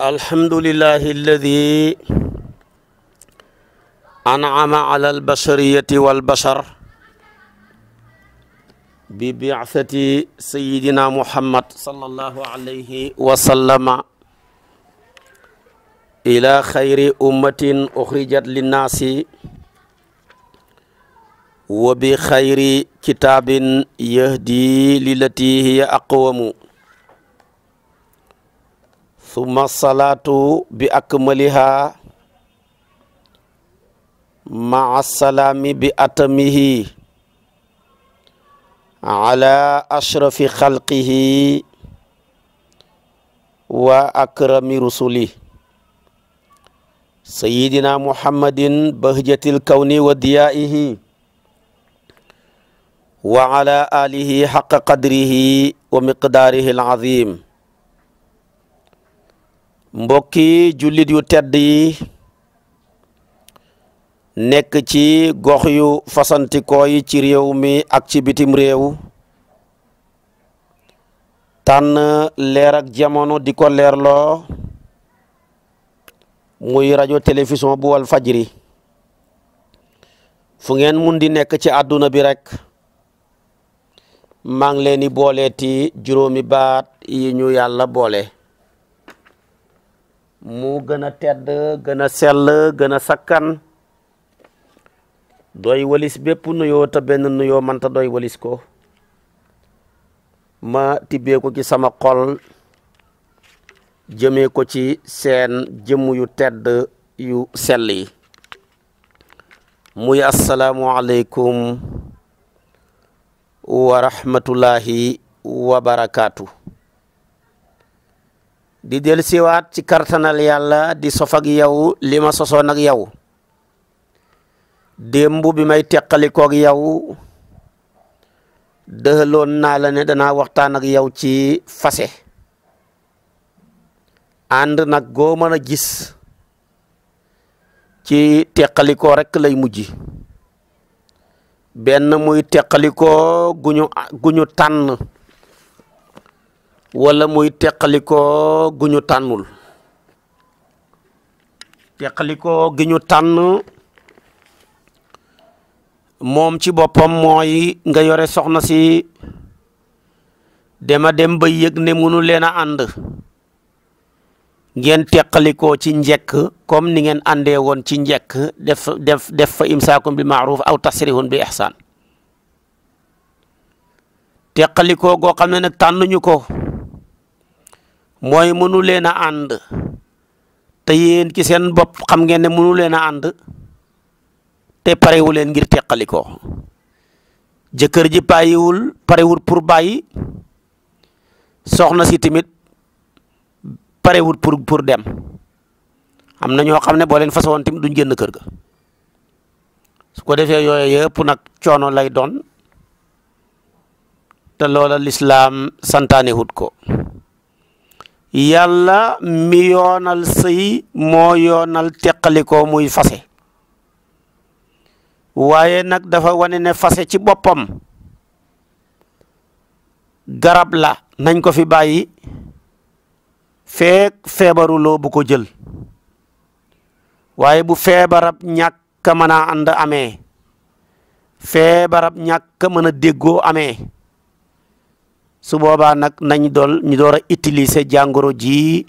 الحمد لله الذي أنعم على البشرية والبشر ببعثة سيدنا محمد صلى الله عليه وسلم إلى خير أمة أخرجت للناس وبخير كتاب يهدي للتي هي أقوم summa salaatu bi akmaliha maa salaami bi atamihi ala ashrafi xalqihi wa akrami rusuli sayidina muhammadin bahjatil kawni wa diyaihi wa ala alihi xaqa qadrihi wa miqdaarihi alazim mbokki jullit yu tedd yi nekk ci gox yu fasantikoo yi ci réew mi ak ci bitim réew tànn leerak ak jamono di ko leerloo muy rajo télévision bu wal fajri fu ngeen mun di nekk ci àdduna bi rekk maa leeni leen di juróomi baat yi ñu yàlla boole mu gën a tedd gën a sell gën a sakkan doy walis bépp nuyoo te benn nuyoo manta doy walis ko ma tibbee ko ci sama xol jëmee ko ci seen jëmm yu tedd yu sell yi muy asalaamualeykum wa rahmatullahi wa barakaatu di del siwaat ci kartanal yàlla di sof ak yow li ma sosoon nag yow démb bi may teqalikoog yow dëxaloon naa la ne danaa waxtaan ak yow ci fase ànd nag goo mën a gis ci teqalikoo rek lay mujj benn muy teqalikoo guñu guñu tànn wala muy teqalikoo gu ñu tànnul teqalikoo gi ñu tànn moom ci boppam mooy nga yore soxna si dema dem ba yëg ne munu leen a ànd ngeen teqalikoo ci njekk kom ni ngeen àndee woon ci njekk def def def fa imsaakum bi maruf aw tasrihun bi ihsaan teqalikoo goo xam ne nag tànnuñu ko mooy mënu leen a ànd te yéen ci seen bopp xam ngeen ne mënu leen a ànd te parewu leen ngir ko jëkkër ji bàyyiwul parewul pour bàyyi soxna si tamit parewul pour pour dem am na ñoo xam ne boo leen fasoon tamit duñ génn kër ga su ko defee yooyu yëpp nag coono lay doon te loola lislaam santaane hut ko yàlla mi yoonal sëy moo yoonal teqalikoo muy fase waaye nag dafa wane ne fase ci boppam garab la nañ ko fi bàyyi feek feebaruloo bu ko jël waaye bu feebarab ñàkk mën a ànd amee feebarab ñàkk mën a déggoo amee su boobaa nag nañ dool ñu door a utiliser jàngoro ji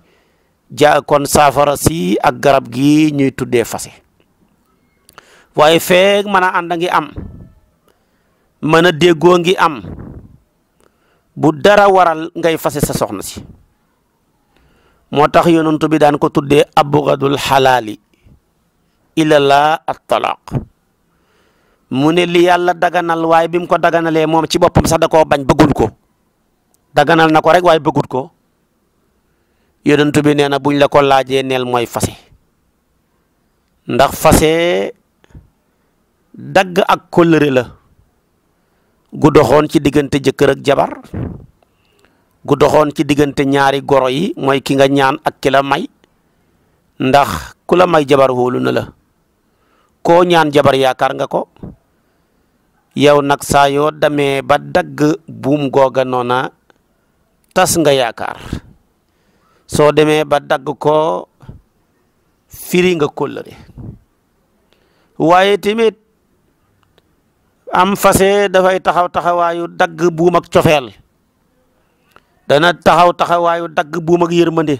ja kon saafara si ak garab gi ñuy tuddee fase waaye feeg mën a ànd a ngi am mën a déggoo ngi am bu dara waral ngay fase sa soxna si moo tax yonent bi daan ko tuddee abgadul xalaali ilallah at talaaq mu ne li yàlla daganal waaye bi mu ko daganalee moom ci boppam sax da koo bañ bëggul ko daganal na ko rek waaye bëggut ko yonent bi nee na buñ la ko laajee neel mooy fase ndax fase dagg ak kóllëre la gu doxoon ci diggante jëkkër ak jabar gu doxoon ci diggante ñaari goro yi mooy ki nga ñaan ak ki may ndax ku la may jabar wóolu na la ko ñaan jabar yaakaar nga ko yow nag saa yoo damee ba dagg buum googa noona tas nga yaakaar soo demee ba dagg ko firi nga kóllëre waaye tamit am fase dafay taxaw taxawaayu dagg dana taxaw taxawaayu dagg buum ak yërmande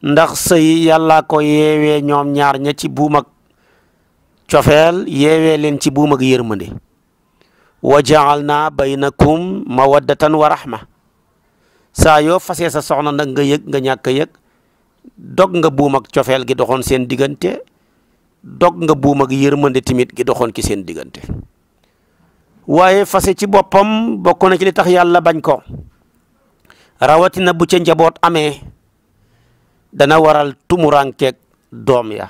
ndax sëy yàlla ko yeewee ñoom ñaar ña ci buum ak cofeel yeewee leen ci buum ak yërmande wa ja'alna baynakum mawaddatan wa rahma saa yoo fasee sa soxna nag nga yëg nga ñàkk a dog nga buumak cofeel gi doxoon seen diggante dog nga buum ak yërmande timit gi doxoon ci seen diggante waaye fase ci boppam bokkoon na ci li tax yàlla bañ ko rawatina bu ca njaboot amee dana waral tumurankeeg doom ya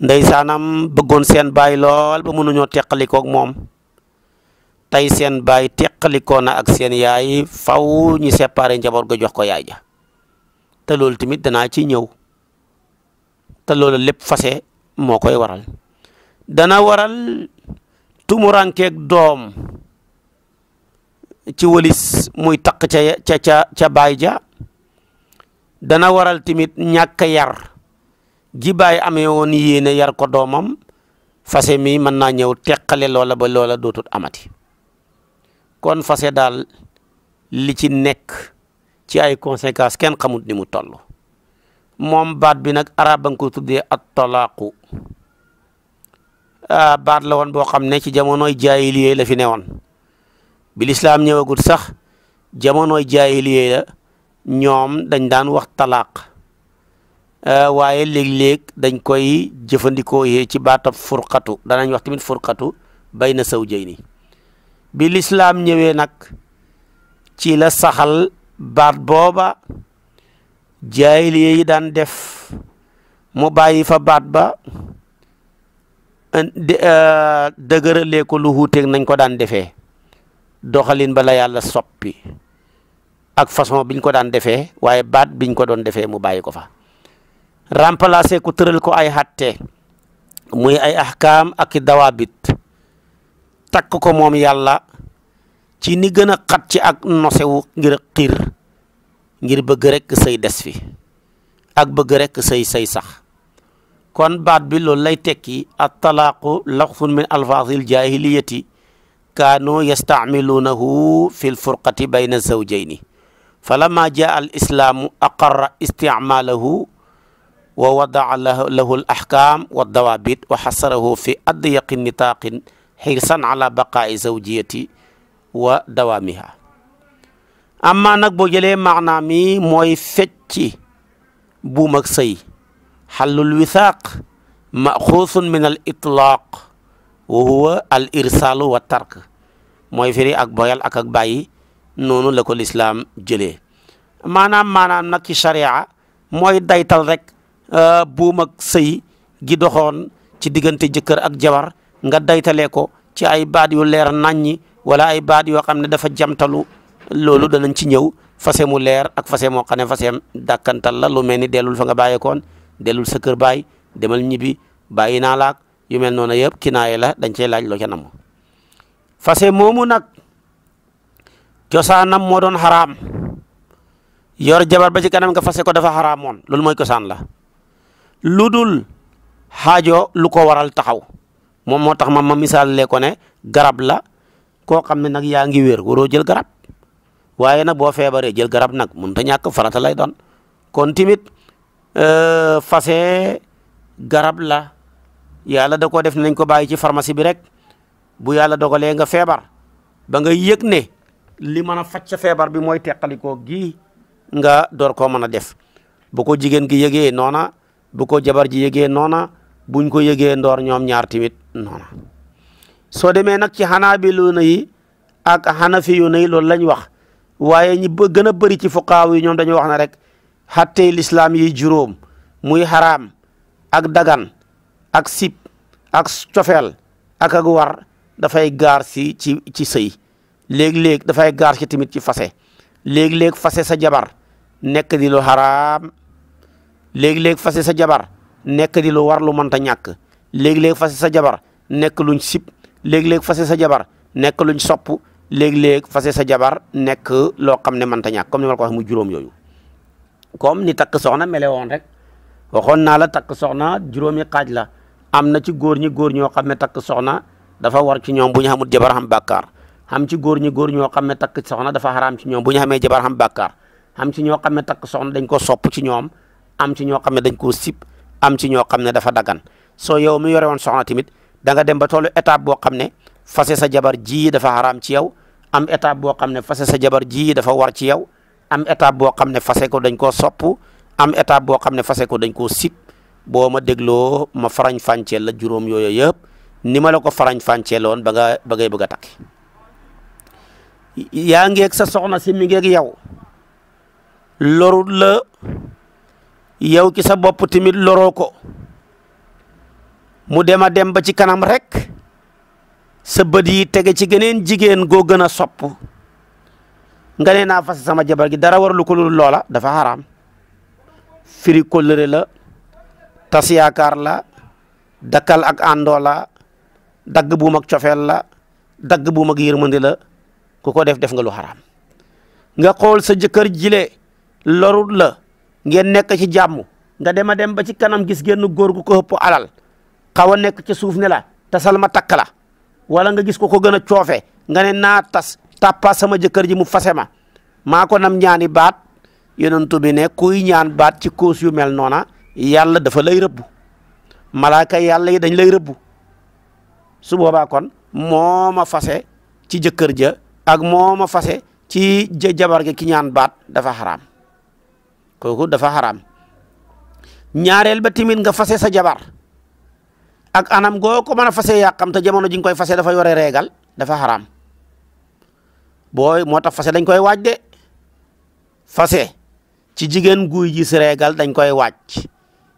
ndeysaanam bëggoon seen baay lool ba mënuñoo teqalikoog moom tey seen baay teqalikoo na ak seen yaay faw ñi séparé njaboot ga jox ko yaay ja te loolu tamit danaa ci ñëw te loolu lépp fase moo koy waral dana waral tumurankeeg doom ci walis muy taq ca ca ca ca baay ja dana waral tamit ñàkk yar ji baay amee woon yéene yar ko doomam fase mi mën naa ñëw teqale loola ba loola dootut amati kon fase daal li ci nekk ci ay conséquences kenn xamut ni mu toll moom baat bi nag arab nga ko tuddee at talaaqu ah, baat la woon boo xam ne ci jamonoy jaahiliya la fi newoon bi lislaam ñëwagul sax jamonoy jaahiliya la ñoom dañ daan wax talaaq ah, waaye léeg-léeg dañ koy jëfandikoo yee ci baat baatab furqatu danañ wax tamit furqatu bayna sawjayni bi lislaam ñëwee nag ci la saxal baat booba jaahiliya yi daan def mu bàyyi fa baat ba euh, dëgëralee ko lu wuuteeg nañ ko daan defee doxaliin ba la yàlla soppi ak façon biñ ko daan defee waaye baat biñ ko doon defee mu bàyyi ko fa remplacer ko tëral ko ay xatte muy ay ahkaam ak i takk ko moom yàlla ci ni gën a xat ak nosewu ngir xiir ngir bëgg rek say des fi ak bëgg rek sëy say sax kon baat bi loolu lay tekki at talaaqu lafzun min alfaazil jaahiliyati kaanu yastaamiluunahu fi lfurqati bayna zawjayni falamma jaa al islaamu aqarra isticmaalahu wa wadaa lahu al ahkaam wa dawaabit wa xasarahu fi adyaqi nitaaqin xirsan ala baqaai zawjiyati wa dawaamiha amma nag boo jëlee maanaa mi mooy fecci buum ak sëy xallul wisaaq maxuusun min al itlaaq wa huwa al irsaalu wa tark mooy firi ak boyal ak ak bàyyi noonu la ko lislaam jëlee maanaam maanaam nag ci sharia mooy daytal rek euh, buum ak sëy gi doxoon ci diggante jëkkër ak jabar nga daytalee ko ci ay baat yu leer naññi wala ay baat yoo xam ne dafa jamtalu loolu danañ ci ñëw fase mu leer ak fase moo xam ne faseem dàkkantal la lu mel ni dellul fa nga bàyyeekoon dellul sa kër baay demal ñibbi bàyyi naa laak yu mel noonu yëpp kinaaye la dañ cey laaj loo ca nam fase moomu nag cosaanam moo doon xaraam yor jabar ba ci kanam nga fase ko dafa xaraamoon loolu mooy cosaan la ludul xaajo lu ko waral taxaw moom moo tax ma ma misaalee ko ne garab la koo xam ne nag yaa ngi wér waroo jël garab waaye nag boo feebaree jël garab nag mënut a ñàkk farata lay doon kon timit euh, fase garab la yàlla da koo def nañ ko bàyyi ci pharmacie bi rek bu yàlla dogalee nga feebar ba nga yëg ne li mën a faj sa feebar bi mooy teqalikoo gi nga door koo mën a def bu ko jigéen ki yëgee noona bu ko jabar ji yëgee noona buñ ko yëgee ndoor ñoom ñaar timit soo demee nag ci xanaabiluuna yi ak xanafiyuuna yi loolu lañ wax waaye ñi gën a bari ci fuqaaw wi ñoom dañoo wax na rek xattey lislaam yi juróom muy xaraam ak dagan ak sib ak cofeel ak ak war dafay gaar si ci say sëy léeg-léeg dafay gaar si tamit ci fase léeg-léeg fase sa jabar nekk di lu xaraam léeg-léeg fase sa jabar nekk di lu war lu mënta ñàkk léeg-léeg fase sa jabar nekk luñ sib léeg-léeg fase sa jabar nekk luñ sopp léeg-léeg fase sa jabar nekk loo xam ne mënta ñàkk comme ni ma ko wax mu juróom yooyu comme ni takk soxna mele woon rek waxoon naa la takk soxna juróomi xaaj la am na ci góor ñi góor ñoo xam ne takk soxna dafa war ci ñoom bu ñu xamul jabar xam bàkkaar ci góor ñi góor ñoo xam ne takk soxna dafa xaraam ci ñoom bu ñu xamee jabar xam bàkkaar am ci ñoo xam ne takk soxna dañ ko sopp ci ñoom am ci ñoo xam ne dañ koo sib am ci ñoo xam ne dafa dagan soo yow mu yore woon soxna tamit da dem ba tollu étape boo xam ne fase sa jabar ji dafa xaraam ci yow am étape boo xam ne fase sa jabar ji dafa war ci yow am étape boo xam ne fase ko dañ koo sopp am étape boo xam ne fase ko dañ koo sip boo ma dégloo ma farañ fànceel la juróom yooyu yëpp ni ma la ko farañ fànceeloon ba nga ba ngay bëgg a takk yaa ngeeg sa soxna si mi ngeeg yow lorul la yow ci sa bopp tamit loroo ko mu dem a dem ba ci kanam rek sa bët yi tege ci geneen jigéen goo gën a sopp nga ne naa fas sama jabar gi dara warlu ko lul loola dafa xaraam firi kóllëre la tas yaakaar la dakkal ak àndoo la dagg buum ak cofeel la dagg buum ak yërmande la ku ko def def nga lu xaraam nga xool sa jëkkër jile lorut la ngeen nekk ci jàmm nga dem a dem ba ci kanam gis génn góor gu ko ëpp alal xaw a nekk ca suuf nela la tasal ma takk la wala nga gis ko ko gën a coofe nga ne naa tas tàppa sama jëkkër ji mu fase ma maa ko nam ñaani baat yonentu bi ne kuy ñaan baat ci cause yu mel noona yàlla dafa lay rëbbu malaaka yàlla yi dañ lay rëbbu su boobaa kon moo ma fase ci jëkkër ja ak moo ma fase ci jabar gi ki ñaan baat dafa xaraam kooku dafa xaraam ñaareel ba timit nga fase sa jabar ak anam goo ko mën a fase yàqam te jamono ji nga koy fasee dafa yore reegal dafa xaram boo moo tax fase dañ koy waaj de fase ci jigéen guy gis reegal dañ koy waaj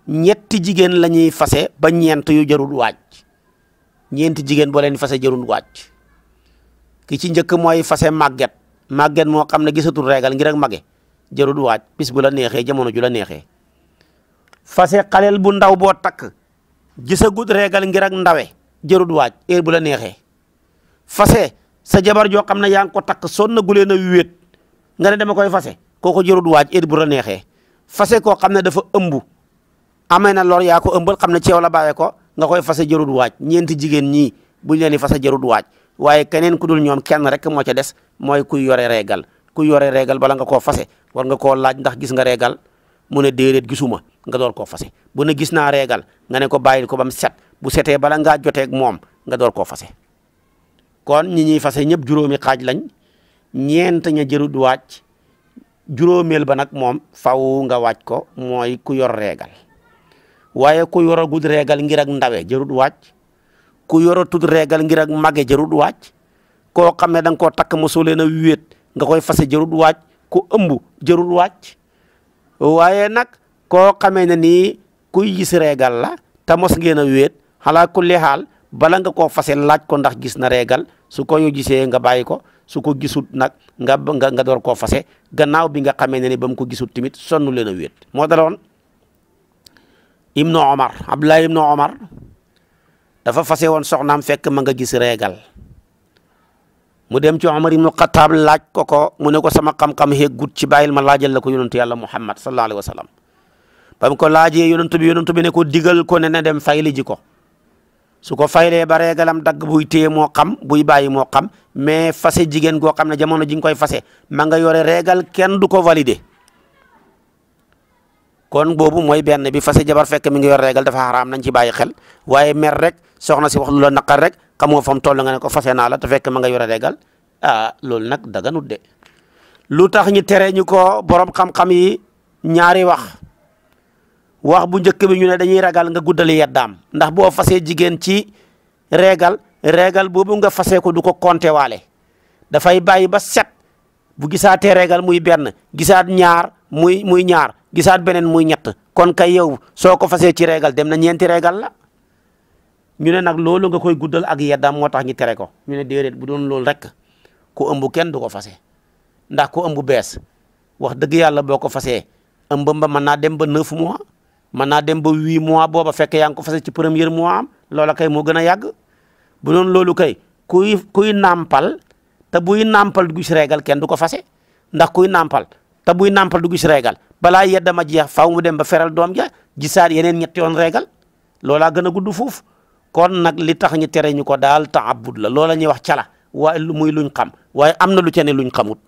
ñetti jigéen la ñuy fase ba ñeent yu jarul waaj ñeenti jigéen boo leen fase jarul waaj ki ci njëkk mooy fase màgget màgget moo xam ne gisatul reegal ngir ak mage jarul waaj bis bu la neexee jamono ju la neexee fase xaleel bu ndaw boo takk gisagut reegal ngir ak ndawe jërut waaj heure bu la neexee fase sa jabar joo xam ne yaa ngi ko takk sonn na gulee na wéet nga ne dama koy fase kooko jërut waaj heure bu la neexee fase koo xam ne dafa ëmb amee na lor yaa ko ëmbal xam ne ceew la bàyyee ko nga koy fase jërut waaj ñeenti jigéen ñii buñ leen di fase jërut waaj waaye keneen ku dul ñoom kenn rek moo ca des mooy kuy yore reegal kuy yore reegal bala nga ko fase war nga ko laaj ndax gis nga reegal mu ne déedéet gisuma nga door koo fase bu ne gis naa reegal nga ne ko bàyyil ko ba set bu setee bala ngaa joteek moom nga door koo fase kon ñi ñuy fase ñëpp juróomi xaaj lañ ñeent ña jërut wàcc juróomeel ba nag moom faw nga wàcc ko mooy ku yor regal waaye ku yoragul regal ngir ak ndawe jërut wàcc ku yoratul reegal ngir ak mage jërut wàcc koo xam ne da nga koo takk mosoo leen a wéet nga koy fase jërut wàcc ku ëmb jërut wàcc waaye nag koo xamee ne nii kuy gis reegal la te mos ngeen a wéet xalaa kulli xaal bala nga ko fase laaj ko ndax gis na reegal su ko ñu gisee nga bàyyi ko su ko gisut nag nga nga door koo fase gannaaw bi nga xamee ni bam ko gisut tamit so leen a wéet moo daloon Ibnu Omar Abdullah Ibnu Omar dafa fase woon soxnaam fekk ma nga giss reegal mu dem ci Omar ibnu Xataab laaj ko ko mu ne ko sama xam-xam heggut ci bàyyil ma laajal la ko yonentu yàlla Muhammad sallallahu alayhi wa sallam ba mu ko laajee yonentu bi yonentu bi ne ko digal ko ne ne dem fayli ji ko su ko faylee ba reegalam dagg buy téye moo xam buy bàyyi moo xam mais fase jigéen goo xam ne jamono ji nga koy fase ma nga yore reegal kenn du ko valider kon boobu mooy benn bi fase jabar fekk mi ngi yor reegal dafa xaraam nañ ci bàyyi xel waaye mer rek soxna si wax lu la naqar rek xam nga fa mu toll nga ne ko fase naa la te fekk ma nga yore regal ah loolu nag daganut de lu tax ñu tere ñu ko borom xam-xam yi ñaari wax wax bu njëkk bi ñu ne dañuy ragal nga guddal guddali yeddaam ndax boo fasee jigéen ci reegal reegal boobu nga fasee ko du ko compter waale dafay bàyyi ba set bu gisaatee regal muy benn gisaat ñaar muy muy ñaar gisaat beneen muy ñett kon kay yow soo ko fasee ci regal dem na ñeenti regal la ñu ne nag loolu nga koy guddal ak yeddam moo tax ñu tere ko ñu ne déedéet bu doon loolu rek ku ëmb kenn du ko fase ndax ku ëmb bees wax dëgg yàlla boo ko fasee ëmbam ba mën naa dem ba neuf mois mën naa dem ba huit mois booba fekk yaa ngi ko fase ci premier mois am loola kay moo gën a yàgg bu doon loolu kay kuy kuy nàmpal te buy nàmpal du gis régal kenn du ko fase ndax kuy nàmpal te buy nàmpal du gis régal balaa yeddama jeex faw mu dem ba feral doom ja gisaat yeneen ñetti yoon régal loolaa gën a gudd foofu kon nag li tax ñu tere ñu ko daal taabud la loola ñuy wax cala waaye muy luñ xam waaye am na lu ca ne luñ xamut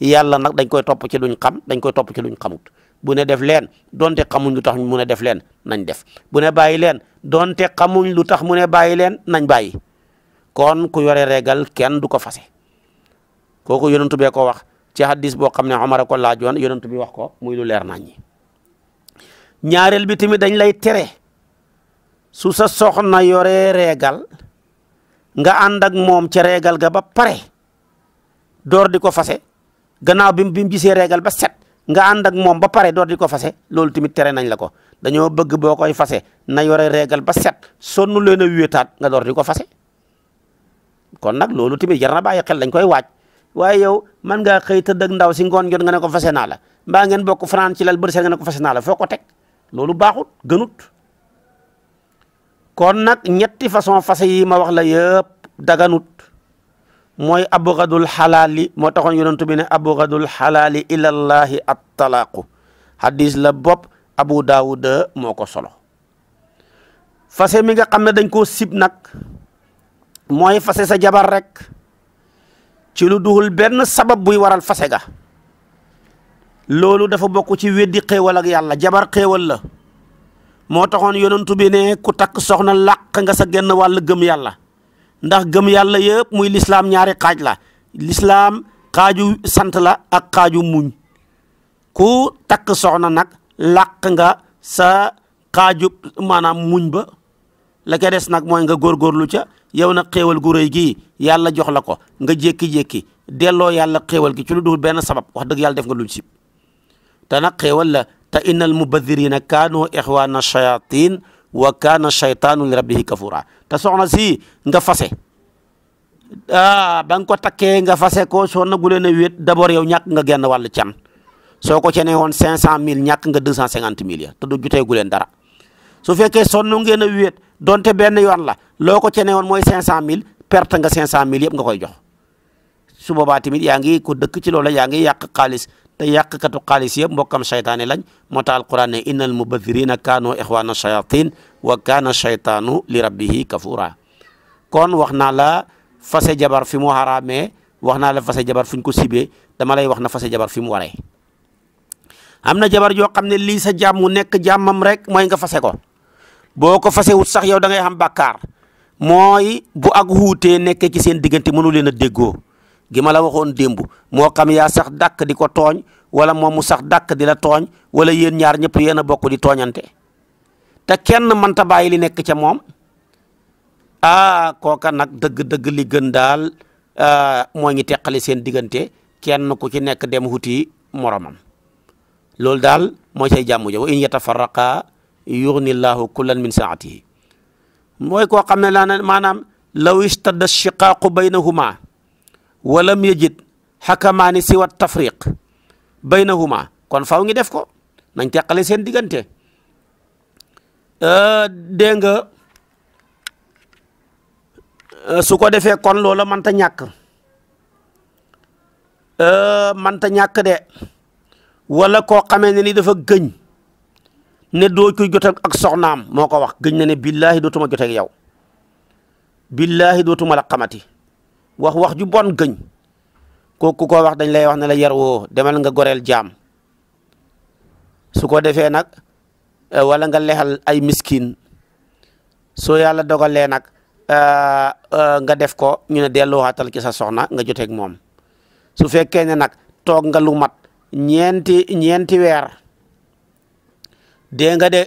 yàlla nag dañ koy topp ci luñ xam dañ koy topp ci luñ xamut bu ne def leen donte xamuñ lu tax mu ne def leen nañ def bu ne bàyyi leen donte xamuñ lu tax mu ne bàyyi leen nañ bàyyi kon ku yore régal kenn du ko fase kooku yonentu bee ko wax ci hadis boo xam ne Omar ko laajoon yonentu bi wax ko muy lu leer nañ ñi ñaareel bi tamit dañ lay tere su sa na yoree reegal nga ànd ak moom ca reegal ga ba pare door di ko fase gannaaw bi bi mu gisee reegal ba set nga ànd ak moom ba pare door di ko fase loolu tamit tere nañ la ko dañoo bëgg boo koy fase na yore reegal ba set sonnu leen a wéetaat nga door di ko fase kon nag loolu tamit jar na bàyyi xel dañ koy waaj waaye yow man ngaa xëy tëdd ak ndaw si ngoon jot nga ne ko fase naa la mbaa ngeen bokk fanaan ci lal bëri seen nga ne ko fase naa la foo ko teg loolu baaxut kon nag ñetti façon fase yi ma wax la yëpp daganut mooy abgadul xalaali moo taxoon yonentu bi ne abgadul xalaali ilallaahi at talaaqu hadis la bopp abu daawud moo ko solo fase mi nga xam ne dañ koo sib nag mooy fase sa jabar rek ci lu duhul benn sabab buy waral fase ga loolu dafa bokk ci weddi xéewal ak yàlla jabar xéewal la moo taxoon yonentu bi ne ku takk soxna làq nga sa genn wàll gëm yàlla ndax gëm yàlla yëpp muy lislaam ñaari kaaj la lislaam kaaju sant la ak kaaju muñ ku takk soxna nag làq nga sa kaaju maanaam muñ ba la ca des nag mooy nga góorgóorlu ca yow nag xéewal gu rëy gii yàlla jox la ko nga jékki-jékki delloo yàlla xéewal gi ci lu dul benn sabab wax dëgg yàlla def nga luñ sib te la te innal mubadirina kaanu ixwaana shayatin wa kaana shaytaanu li rabbihi kafura te soxna si nga fase ah ba nga ko takkee nga fase ko soo nagu leen a wéet d'abord yow ñàkk nga genn wàllu can soo ko cenee woon cinq cent mille ñàkk nga deux cent cinquante mille ya te du juteegu leen dara su fekkee sonn ngeen a wéet donte benn yoon la loo ko cenee woon mooy cinq cent mille perte nga cinq cent mille yëpp nga koy jox su boobaa tamit yaa ngi ko dëkk ci loola yaa ngi yàq xaalis te yàqkatu xaalis yëpp mbokkam saytaane lañ moo tax alquran ne innal mubathirina kaanu ixwaana shayatin wa kaana shaytaanu li rabbihi kafura kon wax naa la fase jabar fi mu xaraamee wax naa la fase jabar fuñ ko sibee dama lay wax na fase jabar fi mu waree am na jabar yoo xam ne lii sa jàmm nekk jàmmam rek mooy nga fase ko boo ko fasewut sax yow da am xam mooy bu ak wuutee nekkee ci seen diggante mënu leen a déggoo gi ma la waxoon démb moo kam yaa sax dàkk di ko tooñ wala moo mu sax dàkk di la tooñ wala yéen ñaar ñëpp yéen a bokk di tooñante te kenn ta bàyyi li nekk ca moom aa ah, kooka nag dëgg-dëgg li gën daal ah, moo ñu teqali seen diggante kenn ku ci nekk dem wuti moromam loolu daal mooy say jàmm ja wa in yatafarraqa yughni llahu kullan min saatihi mooy koo xam ne laa maanaam law istadda shiqaaqu baynahuma walam yajid xakamaani siwa tafriq baynahuma kon faw ngi def ko nañ teqale seen diggante euh, dégg nga euh, su ko defee kon loola manta ñàkk euh, mënta ñàkk de wala koo xamee ne ni dafa gëñ ne doo ko jot ak soxnaam moo ko wax gëñ na ne billaahi dootuma jot ak yow billaahi dootuma la xamati wax wax ju bon gëñ kooku ko wax dañ lay wax ne la yar woo demal nga goreel jaam su ko defee nag eh, walla nga lexal ay miskin soo yàlla dogalee nag eh, eh, nga def ko ñu ne delluwaatal ci sa soxna nga joteeg moom su fekkee ne nag toog nga lu mat ñeenti ñeenti weer dee nga de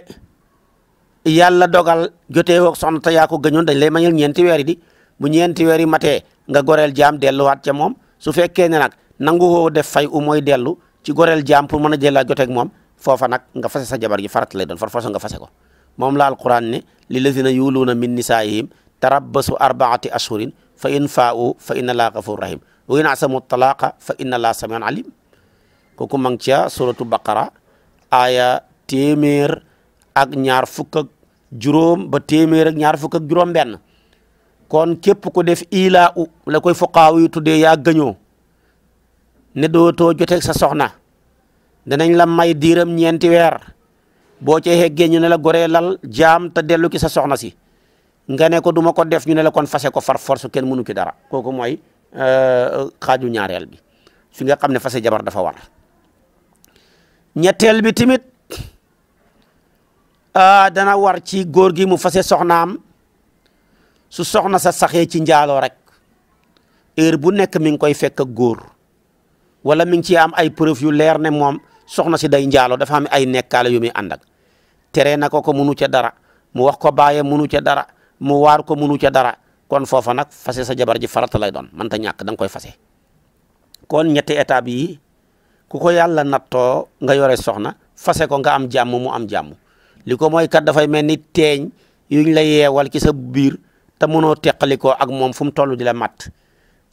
yàlla dogal jotee woog soxna te yaa ko gëñoon dañ lay mañal ñeenti weer yi di bu ñeenti weer yi matee nga goreel jaam delluwaat ca moom su fekkee ne nag nangu woo def fay u mooy dellu ci goreel jaam pour mën a jëllaat joteeg moom foofa nga fase sa jabar ji farat lay doon far force nga fase ko moom la alquran ne li lazina yuuluuna min nisaa'ihim tarabbasu arbaati ashhurin fa in faa'u fa inna laa ghafur rahim wa in asamu talaaqa fa inna a samiun alim kooku ma ngi ca suratu baqara aaya téeméer ak ñaar fukk ak juróom ba téeméer ak ñaar fukk ak juróom kon képp ko def ilaa u la koy fuqaaw yu tuddee yaa gëñoo ne dootoo joteeg sa soxna danañ la may diiram ñeenti weer boo ca xeggee ñu ne la goree lal jaam te dellu ki sa soxna si nga ne ko duma ko def ñu ne la kon fase ko far force kenn mënu ki dara kooku mooy euh, xaaju ñaareel bi fi nga xam ne fase jabar dafa war ñetteel bi tamit ah, dana war ci góor gi mu fase soxnaam su soxna sa saxee ci njaaloo rek er bu nekk mi ngi koy fekk ak góor wala mi ngi ciy am ay preuve yu leer ne moom soxna si day njaalo dafa am ay nekkaale yu muy ànd ak tere na ko ko munu ca dara mu wax ko bàyyee munu ca dara mu waar ko munu ca dara kon foofa nag fase sa jabar ji farata lay doon mënta ñàkk da nga koy fase kon ñetti étape yi ku ko yàlla nattoo nga yore soxna fase ko nga am jàmm mu am jàmm li ko mooy kat dafay mel teeñ yuñ la yeewal ci sa biir te mënoo ko ak moom fu mu toll di la matt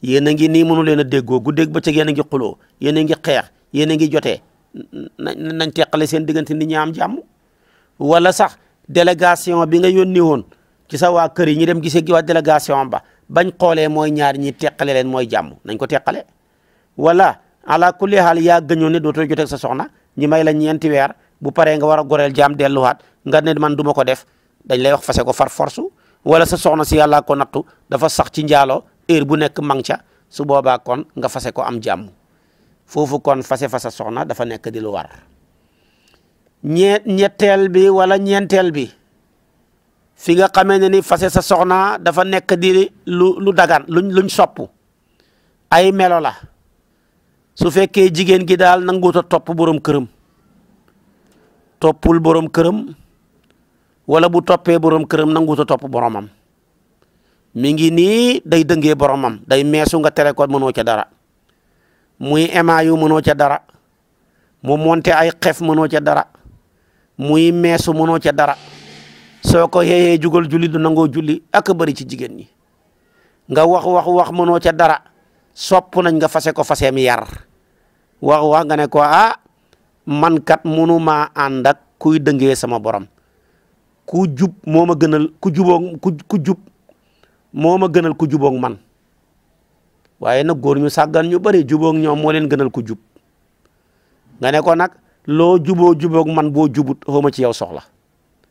yéen a ngi nii mënu leen a déggoo guddeeg bëccëg yéen a ngi xuloo yéen a ngi xeex yéen a ngi jotee nañ teqale seen diggante nit ñi am jàmm wala sax délégation bi nga yónni woon ci sa waa kër yi ñu dem gisee gi waa délégation ba bañ xoolee mooy ñaar ñi teqale leen mooy jàmm nañ ko teqale wala ala kulli haal yaa gëñoon ne dootoo jotee sa soxna ñi may la ñeenti weer bu paree nga war goreel jaam delluwaat nga ne man du ko def dañ lay wax fase ko far force wala sa soxna si yàlla ko nattu dafa sax ci njaaloo heure bu nekk mang ca su boobaa kon nga fase ko am jàmm foofu kon fase fa sa soxna dafa nekk di lu ñetteel bi wala ñeenteel bi fi nga xamee ni fase sa soxna dafa nekk di lu lu dagan luñ luñ sopp ay melo la su fekkee jigéen gi daal nanguut a topp borom këram toppul borom këram wala bu toppee borom këram nanguut a topp boromam mi ngi nii day dëngee boromam day meesu nga tere ko mënoo ca dara muy yu mënoo ca dara mu monte ay xef mënoo ca dara muy meesu mënoo ca dara soo ko yeeyee jugal julli du nangoo julli ak bëri ci jigéen ñi nga wax wax wax mënoo ca dara sopp nañ nga fase ko faseem yar wax wax nga ne ko ah man kat mënu maa ànd kuy dëngee sama borom. ku jub moo ma gënal ku jubook ku ku jub moo ma gënal ku juboog man waaye nag góor ñu sàggan ñu bëri juboog ñoom moo leen gënal ku jub nga ne ko nag loo juboo juboog man boo jubut xawma ci yow soxla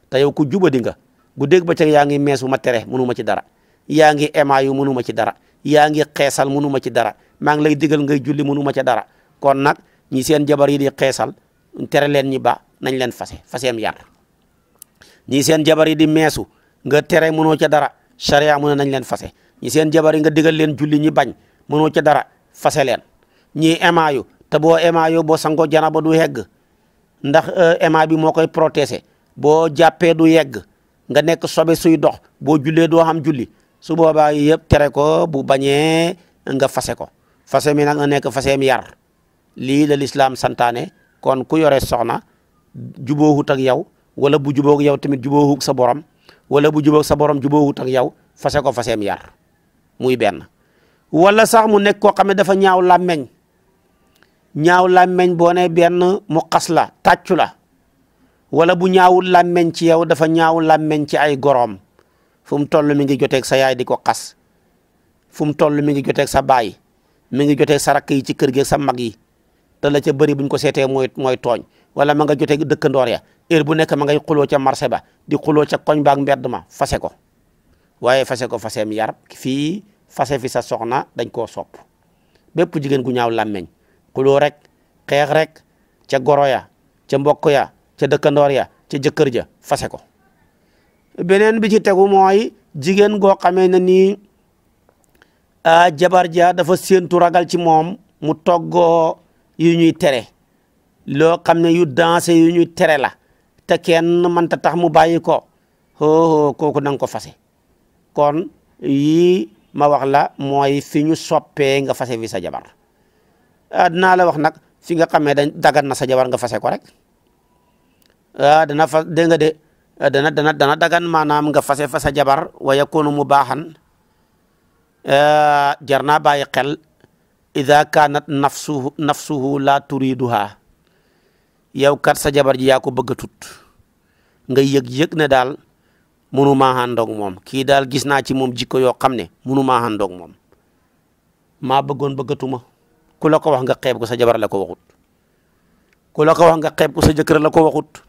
te yow ku juba di nga gu dégg ba ca yaa ngi meesu ma tere mënu ma ci dara yaa ngi emaayu mënu ma ci dara yaa ngi xeesal mënu ci dara maa ngi lay digal ngay julli mënu ma ci dara kon nag ñi seen jabar yi di xeesal tere leen ñi ba nañ leen fase faseem yar ñii seen jabar yi di meesu nga tere mënoo ca dara charia mu ne nañ leen fase ñi seen jabar yi nga digal leen julli ñi bañ mënoo ca dara fase leen ñii emaayu te boo emaayu boo sangoo janaba du yegg ndax euh, ema bi moo koy protéger boo jàppee du yegg nga nekk sobe suy dox boo jullee doo xam julli su boobaa yëpp tere ko bu bañee nga fase ko fase mi nag nga nekk faseem yar lii la lislaam santaane kon ku yore soxna jubóohut ak yow wala bu jubóog yow tamit jubóowut sa borom wala bu jubóog sa borom jubóowut ak yow fase ko faseem yar muy benn walla sax mu nekk koo xam ne dafa ñaaw làmmeñ ñaaw làmmeñ boo ne benn mu xas la tàccu la wala bu ñaawul làmmeñ ci yow dafa ñaaw làmmeñ ci ay gorom fu mu toll mi ngi joteeg sa yaay di ko xas fu mu toll mi ngi joteeg sa baay mi ngi joteeg sa rakk yi ci kër gi sa mag yi te la ca bëri buñ ko seetee mooy tooñ wala ma nga jote dëkkandoor ya heure bu nekk ma ngay xuloo ca marché ba di xuloo ca koñ baak mbedd ma fase ko waaye fase ko faseem yar fii fase fi sa soxna dañ koo sopp bépp jigéen gu ñaaw làmmeñ xuloo rek xeex rek ca goro ya ca mbokk ya ca dëkkandoor ya ca jëkkër ja fase ko beneen bi ci tegu mooy jigéen goo xamee ne nii ah, jabar ja dafa séentu ragal ci moom mu toggoo yu ñuy tere loo xam ne yu dansé yu ñu tere la te kenn mënta tax mu bàyyi ko hoo kooku na nga ko fase kon yii ma wax la mooy fi ñu soppee nga fase fi sa jabar ah, dinaa la wax nag fi nga xamee dañ dagan na sa jabar nga fase ko rek ah dana fa dégg nga de dana dana dana dagan maanaam nga fase fa sa jabar waaye konu mu baaxan ah, jar naa bàyyi xel ida kaanat nafsuhu nafsuhu la turiduha yow kat sa jabar ji yaa ko bëgg tut nga yëg-yëg ne daal munu ma àndoog moom kii daal gis naa ci moom jikko yoo xam ne munu ma àndoog moom maa bëggoon bëggatuma ku la ko wax nga xeeb ko sa jabar la ko waxut ku ko wax nga xeeb sa jëkkër la ko waxut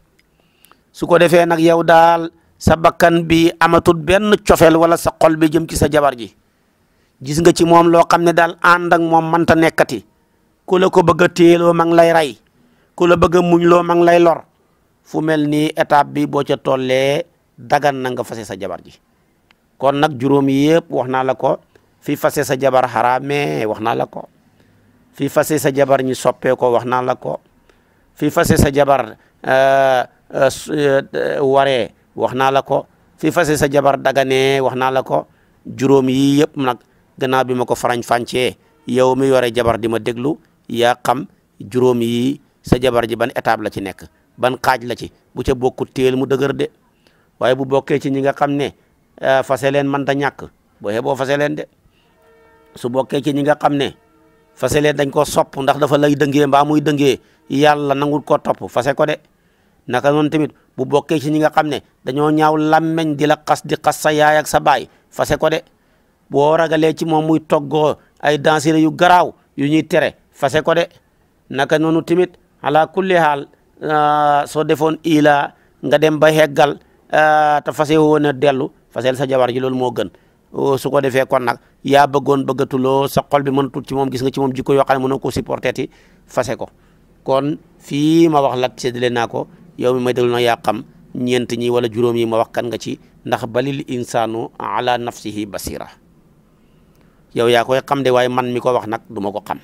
su ko defee nag yow daal sa bakkan bi amatul benn cofeel wala sa xol bi jëm ci sa jabar ji gis nga ci moom loo xam ne daal ànd ak moom mënta nekkati ku la ko bëgg a téeloo lay rey ku la bëgg a muñ loo ma lay lor fu mel ni étape bi boo ca tollee dagan na nga fase sa jabar ji kon nag juróom yëpp wax naa la ko fi fase sa jabar xaraamee wax naa la ko fi fase sa jabar ñi soppee wax naa la ko fi fase sa jabar euh, euh, waree wax naa la ko fi fase sa jabar daganee wax naa la ko juróom yi yëpp nag gannaaw bi ma ko farañ fàncee yow mi yore jabar di ma déglu yaa xam juróom yi sa jabar ji ban étape la ci nekk ban kaaj la ci bu ca bokkut téel mu dëgër de waaye bu bokkee ci ñi nga xam ne euh, fase leen man ta ñàkk boo xeboo fase leen de su bokkee ci ñi nga xam ne fase leen dañ koo sopp ndax dafa lay dëngee mbaa muy dëngee yàlla nangul koo topp fase ko de naka noonu tamit bu bokkee ci ñi nga xam ne dañoo ñaaw làmmeñ di la xas di sa yaay ak sa baay fase ko de boo ragalee ci moom muy toggoo ay dansire yu garaaw yu ñuy tere noonu tamit ala kulli haal ah, soo defoon ila nga dem ba heggal ah, te fase woon a dellu fasel sa jabar ji loolu moo gën oh, su ko defee kon nag yaa bëggoon bëggatuloo sa xol bi mënatul ci moom gis nga ci moom jikko yoo xam ne mënoo ko supporté ti fase ko kon fii ma wax la séddale naa ko yow mi may déglu na yaa xam ñeent ñi wala juróom yi ma wax kan nga ci ndax balil insaanu ala nafsihi basira yow yaa koy xam de waaye man mi ko wax nag duma ko xam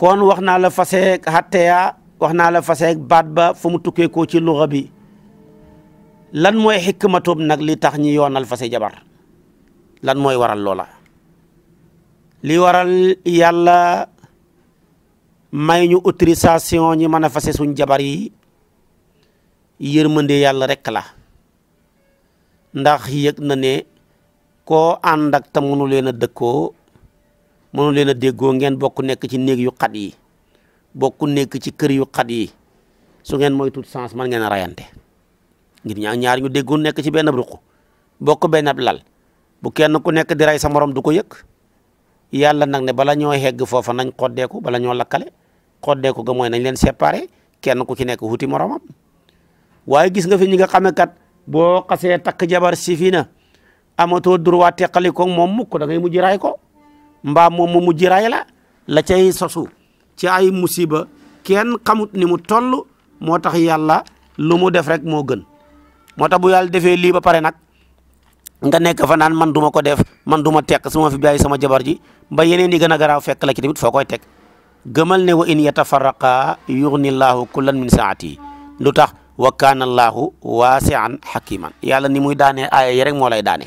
kon wax naa la faseek xatteya wax naa la faseek baat ba fu mu tukkee koo ci luxa bi lan mooy xikmatum nag li tax ñi yoonal fase jabar lan mooy waral loola li waral yàlla may ñu autorisation ñi mën a fase suñ jabar yi yërmande yàlla rekk la ndax yëg na ne koo ànd ak te leen a dëkkoo mënu leen a déggoo ngeen bokk nekk ci néeg yu xat yi bokku nekk ci kër yu xat yi su ngeen moytu sens man ngeen a rayante ngir ñaar ñaar ñu déggoon nekk ci benn ruq bokk benn lal bu kenn ku nekk di ray sa morom du ko yëk yàlla nag ne bala ñoo hegg foofa nañ xoddeeku bala ñoo lakkale xoddeeku ga mooy nañ leen séparé kenn ku ci nekk wuti moromam waaye gis nga fi ñi nga xamee kat boo xasee takk jabar si fii na amatoo droit teqali ko moom mukk da ngay mujj ray ko. mbaa moom mu mujj ray la la cay sosu ci ay musiba kenn xamut ni mu toll moo tax yàlla lu mu def rek moo gën moo tax bu yàlla defee lii ba pare nag nga nekk fa naan man duma ko def man duma tekk su ma fi bàyyi sama jabar ji ba yeneen yi gën a garaaw fekk la ci tamit foo koy teg gëmal ne wa in yatafarraqa yughni llaahu kullan min saatihi lu tax wa kaana allaahu waasian hakiman yàlla ni muy daane aaya yi rek moo lay daane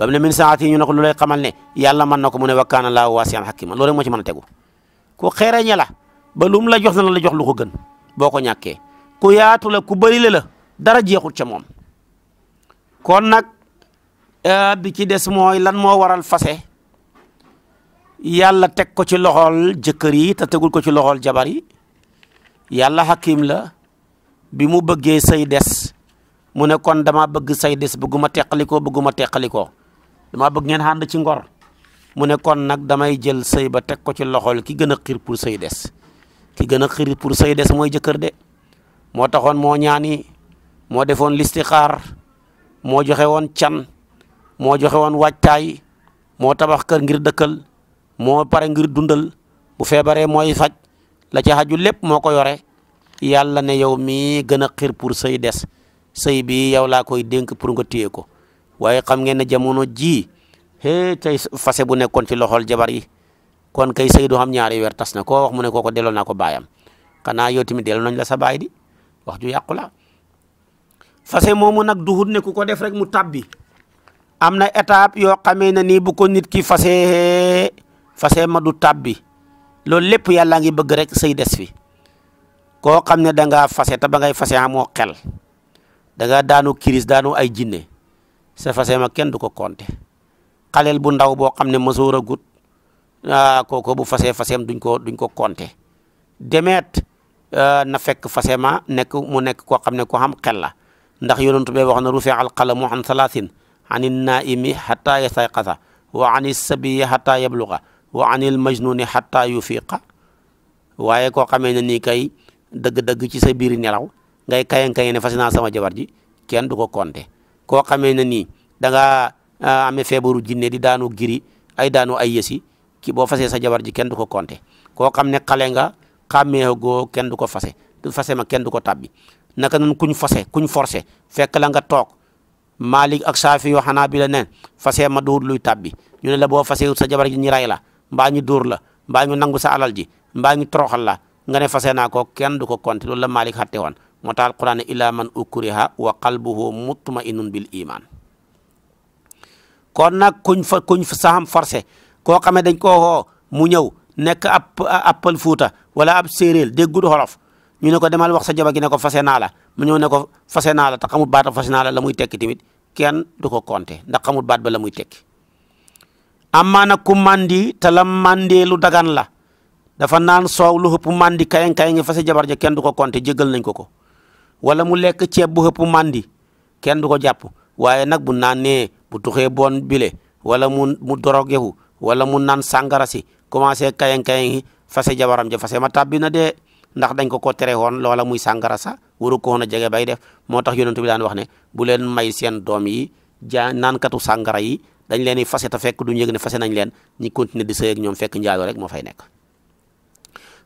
ba mu ne min saati yi ñu ne ko lu lay xamal ne yàlla mën na ko mu ne wa kaana laahu waasi'an hakiiman loolu rek moo ci mën a tegu ku xereñe la ba lu la jox na la jox lu ko gën boo ko ñàkkee ku yaatu la ku bëri la la dara jeexul ca moom kon nag euh, bi ci des mooy lan moo waral fase yàlla teg ko ci loxol jëkkër yi tegul ko ci loxol jabar yi yàlla hakim la bi mu bëggee say des mu ne kon dama bëgg say des bëgguma teqalikoo bëgguma ko dama bëgg ngeen ànd ci ngor mu ne kon nag damay jël sëy ba teg ko ci loxol ki gën a xiir pour sëy des ki gën a xiir pour sëy des mooy jëkkër de moo taxoon moo ñaani moo defoon listixaar moo joxe woon can moo joxe woon waajtaay moo tabax kër ngir dëkkal moo pare ngir dundal bu feebaree mooy faj la ca xaju lépp moo ko yore yàlla ne yow mii gën a xiir pour sëy des sëy bi yow laa koy dénk pour nga téye ko waaye xam ngeen ne jamono jii hee tey fase bu nekkoon si loxol jabar yi kon kay sëy doo xam ñaari weer tas na koo wax mu ne ko delloo naa ko baayam xanaa yow tamit delloo nañ la sa baay di wax ju yàqu la fase moomu nag duhut ne ku ko def rek mu tabbi am na étape yoo xamee na nii bu ko nit ki fase fase ma du tabbi loolu lépp yàlla ngi bëgg rek say des fi koo xam ne da ngaa fase te ba ngay fase amoo xel danga daanu kiris daanu ay jinne sa fase ma kenn du ko compter xaleel bu ndaw boo xam ne mësoor a gut ah, kooko bu fase faseem duñ ko duñ ko compter ah, na fekk fase ma nekk mu nekk koo xam ne ko xam xel la ndax yonentu bee wax na rufi al qalamu an thalathin naimi hatta yastayqasa wa an sabiyi hatta yabluga wa anil majnuni hatta yufiqa waaye koo xamee ne nii kay dëgg-dëgg ci sa biir nelaw ngay kayan kayan ne fase naa sama jabar ji kenn du ko koo xamee na nii da ngaa ah, feebaru jinne di daanu giri ay daanu ay yësi ki boo fasee sa jabar ji kenn du ko compter koo xam ne xale nga xàmmeegoo kenn du ko fase du ma kenn du ko tabbi naka noonu kuñ fase kuñ forcé fekk la nga toog Malik ak Saafi yoo xanaa bi la ne fasee ma duur luy tabbi ñu ne la boo fasewut sa jabar ji ñi ray la mbaa ñu dur la mbaa ñu nangu sa alal ji mbaa ñu toroxal la nga ne fase naa ko kenn du ko compter la Malik xatte woon moo tax alquran ne illa man ukriha wa qalbuhu mutmainun bil iman kon nag kuñ fa kuñ saam forcé koo xamee dañ koo xoo mu ñëw nekk ab appal fuuta wala ab séeréel déggul xolof ñu ne ko demal wax sa jaba gi ne ko fase naa la mu ñëw ne ko fase naa la te xamul baat naa la muy tekki tamit kenn du ko compter ndax xamul baat ba la muy tekki amaa nag ku mandi te la mandee lu dagan la dafa naan soow lu xëpp mandi kayang kayang fase jabar ja kenn du ko compter jéggal nañ ko ko wala mu lekk ceeb bu xëpp mandi kenn du ko jàpp waaye nag bu naan naanee bu tuxee bon bile wala mu mu dorogehu wala mu nan sàngara si commencé kayang kayang fase jabaram ja fase ma tàbbi na dee ndax dañ ko ko tere woon loola muy sàngara sa waru ko woon a jege bay def moo tax yonent bi daan wax ne bu leen may seen doom yi ja naankatu sangara yi dañ leen di fase ta fekk du ñu yëg ne fase nañ leen ñi continuer di sëy ñoom fekk njaaloo rek moo fay nekk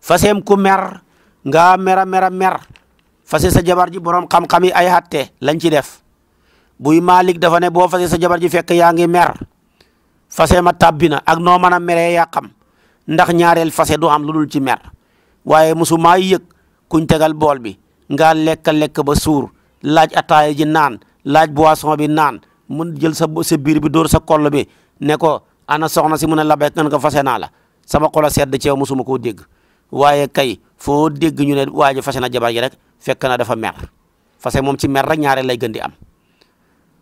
faseem mer fase sa jabar ji borom xam-xam yi ay hatte lañ ci def buy Malik dafa ne boo fase sa jabar ji fekk yaa ngi mer fase ma tàbbi na ak noo mën a meree yaa xam ndax ñaareel fase du am lu dul ci mer waaye musumaa yëg kuñ tegal bool bi nga lekk lekk ba suur laaj ataaya ji naan laaj boisson bi naan mun jël sa sa biir bi dóor sa koll bi ne ko ana soxna si mun a labeek nga ko fase naa la sama xol a sedd ceew musuma koo dégg waaye kay foo dégg ñu ne waa ji fase na jabar ji rek fekk na dafa mer fase moom ci mer rek ñaare lay gën di am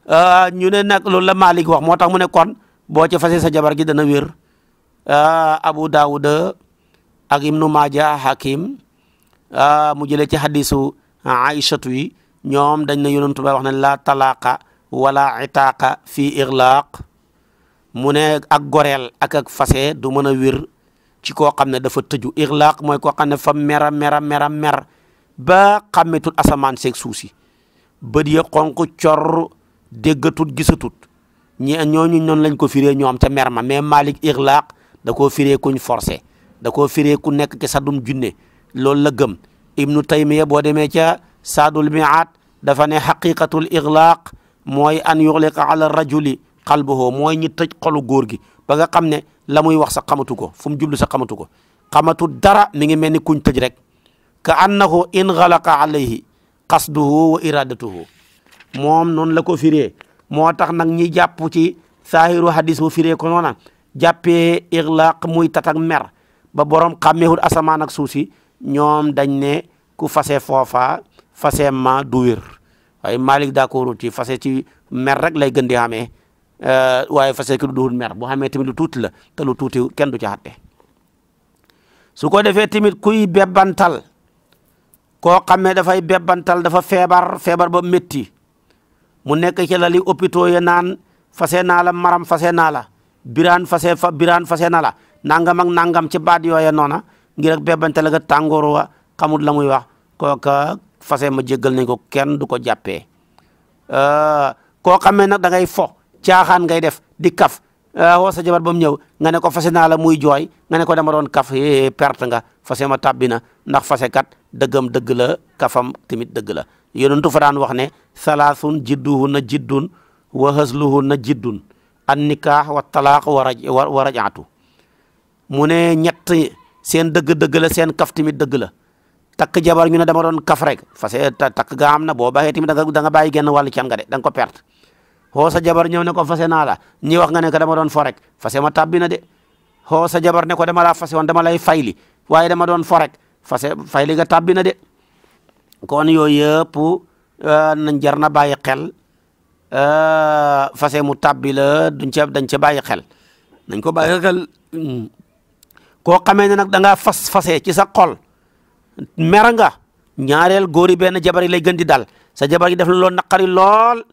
ah, ñu ne nag loolu la Malik wax moo tax mu ne kon boo ci fasee sa jabar gi dana wér ah, Abu Dawuda ak Ibnu Maaja Hakim ah, mu jëlee ci hadisu Aïchatu yi ñoom dañ na yonentu ba wax ne la talaqa wala itaaqa fii irlaq mu ne ak goreel ak fase du mën a wér ci koo xam ne dafa tëju irlaaq mooy koo xam ne fa mera mera mera mer ba xàmmetul asamaan seeg suusi si bët ya xonq cor déggatut gisatut ñi ñooñu noon lañ ko firee ñoom ca mer ma mais Malik irlaaq da koo firee kuñ forcé da koo firee ku nekk ci sadum junne loolu la gëm ibnu taymiya boo demee ca saadul miaat dafa ne xaqiqatul irlaaq mooy an yuxliqa ala rajuli qalbuhu mooy ñi tëj xolu góor gi ba nga xam ne la muy wax sax xamatu ko fu mu jublu sa xamatu ko xamatu dara mi ngi mel ni kuñ tëj rek ka annahu ingalaqa alayhi qasduhu wa iradatuhu moom noonu la ko firee moo tax nag ñi jàpp ci saahiru hadis bu firee ko noona jàppee iglaq muy tatak mer ba borom xàmmeewul asamaan ak suuf si ñoom dañ ne ku fase foofa fase ma du wér waaye Malick daa ko ci fase ci mer rek lay gën di amee Euh, waaye fase ki du duhul mer boo xamee tamit lu tuuti la te lu tuuti kenn du ci àtte su ko defee tamit kuy bebbantal koo xam ne dafay bebbantal dafa feebar feebar ba metti mu nekk ci la li hôpitaux yi naan fase naa la maram fase naa la biraan fase fa biraan fase na la nangam ak nangam ci baat yooya noona ngir ak bebbantal ga tàngooru wa xamul la muy wax kooka fase ma jéggal nañ ko kenn du ko jàppee euh, koo xam ne nag fo caaxaan ngay def di kaf ah, woo sa jabar ba mu ñëw nga ne ko fase naa la muy jooy nga ne ko dama doon kaf yee eh, eh, perte nga fase ma tàbbi na ndax fase kat dëggam dëgg la kafam tamit dëgg la yonentu fa daan wax ne salaasun jidduhunna jiddun wa hasluhunna jiddun an nikaax wa talaaq wa raj wa rajaatu mu ne ñett seen dëgg-dëgg la seen kaf tamit dëgg la takk jabar ñu ne dama doon kaf rek fase takk ga am na boo bàyyee tamit da nga bàyyi genn wàllu can nga de da nga ko perte xoo sa jabar ñëw ne ko fase naa la ñi wax nga ne ko dama doon fo rek fase ma tàbbi na de xoo sa jabar ne ko dama laa fase woon dama lay fayli waaye dama doon fo rek fase fayli nga tàbbi na de kon yooyu yëpp euh, nañ jar na bàyyi xel euh, fase mu tàbbi la duñ ca dañ ca bàyyi xel nañ ko bàyyi xel koo xamee ne nag da fas fase ci sa xol mer nga ñaareel góor yi benn jabar yi lay gën di dal sa jabar yi def na loolu lool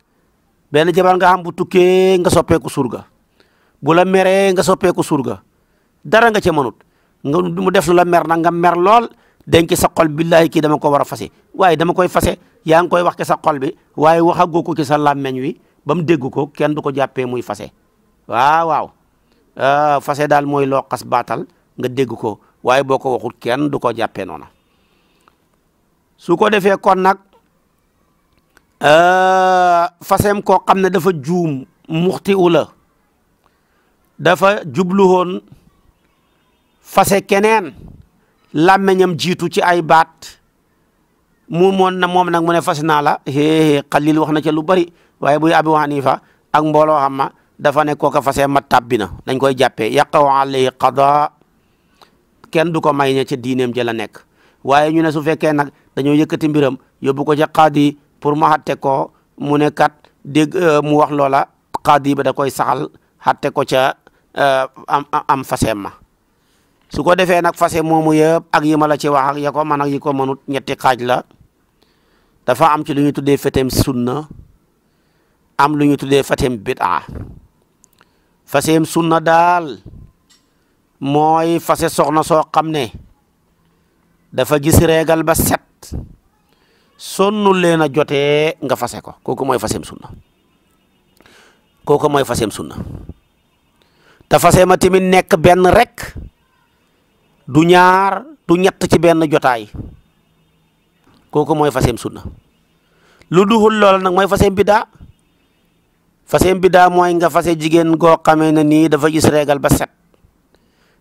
benn jabar nga am bu tukkee nga soppeeku surga bu la meree nga soppeeku surga dara nga ca mënut nga mu def lu la mer nag nga mer lool denc sa xol billahi kii dama ko war a fase waaye dama koy fase yaa ngi koy wax ci sa xol bi waaye waxagoo ko ci sa làmmeñ wi ba mu dégg ko kenn du ko jàppee muy fase waaw waaw euh, fase daal mooy loo xas baatal nga dégg ko waaye boo ko waxul kenn du ko jàppee noona su defee kon nag Euh, faseem koo xam ne dafa juum muxti u dafa jubluwoon fase keneen làmmeñam jiitu ci ay baat mu moon na moom nag mu ne fas naa la xéxé xalil wax na ca lu bari waaye buy Abu Hanifa ak mbooloo xam ma dafa ne kooka fase ma tàbbi na dañ koy jàppee yaqaw alayhi qada kenn du ko may ña ca diineem ja nekk waaye ñu ne su fekkee nag dañoo yëkkati mbiram yóbbu ko ca qaadi pour ma xatte ko mu ne kat dégg euh, mu wax loola xaadi ba da koy saxal xatte ko ca euh, am am faseem ma su ko defee nag fase moomu yëpp ak yi ma la ci wax ak ya ko man ak yi ko mënut ñetti xaaj la dafa am ci lu ñu tuddee fetem sunna am lu ñu tuddee fetem bid'a faseem sunna daal mooy fase soxna soo xam ne dafa gis reegal ba set sonnul leen a jotee nga fase ko kooku mooy fasem sunna kooku mooy fasem sunna te fasema tamit nekk benn rek du ñaar du ñett ci benn jotaay kooku mooy fasem sunna lu duhul loola nag mooy fasem bidaa fasem biddaa mooy nga fase jigéen goo xamee ne nii dafa gis régal ba set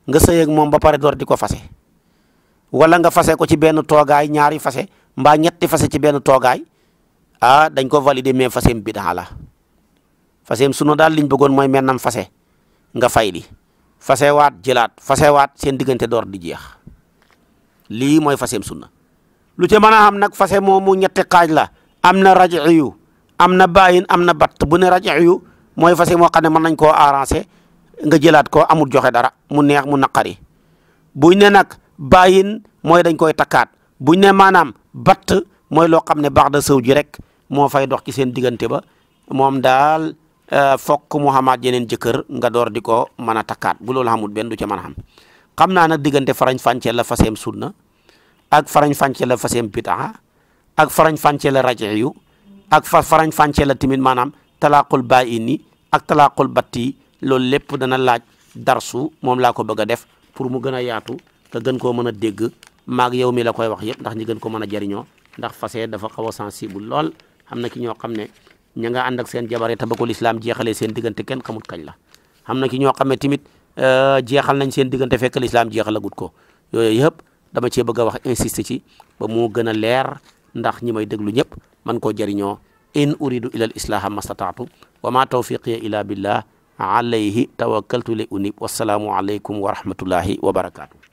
nga sëy ak moom ba pare door di ko fase wala nga fase ko ci benn toogaay ñaari fase mbaa ñetti fase ci benn toogaay ah dañ ko valider mais faseem bidaa la faseem sunu daal liñ bëggoon mooy mennam fase nga fay li fasewaat jëlaat fasewaat seen diggante door di jeex lii mooy faseem sunna lu ci mën a xam nag fase moomu ñetti kaaj la am na rajiyu am na bàyyin am na batt bu ne yu mooy fase moo xam ne mën nañ koo arranger nga jëlaat ko amul joxe dara mu neex mu naqari buñ ne nag bàyyin mooy dañ koy takkaat buñ ne maanaam batt mooy loo xam ne baax da sëw ji rek moo fay dox ci seen diggante ba moom daal euh, fokk mu xamaat yeneen jëkkër nga door di ko mën a takkaat bu lool xamul benn du ca mën a xam xam naa nag diggante farañ fànce la faseem sunna ak farañ fànce la faseem bidaa ak farañ fànce la yu ak fa farañ fànce la tamit maanaam talaaqul baayini ak talaaqul batti loolu lépp dana laaj darsu moom laa ko bëgg a def pour mu gën a yaatu te gën koo mën a dégg maak yow mi la koy wax yëpp ndax ñi gën ko mën a jariñoo ndax fase dafa xaw a sensible lool xam na ki ñoo xam ne ña nga ànd ak seen jabare te ba ko lislaam jeexalee seen diggante kenn xamut kañ la xam na ki ñoo xam ne tamit euh, jeexal nañ seen diggante fekk lislaam jeexalagut ko yooyu yëpp dama cee bëgg a wax insister ci ba mu gën a leer ndax ñi may déglu ñëpp man koo jariñoo in uridu ila al islaha mastataatu wa ma tawfiqiya ila billah alayhi tawakkaltu li unib wassalaamu alaykum wa rahmatullahi wa barakaatu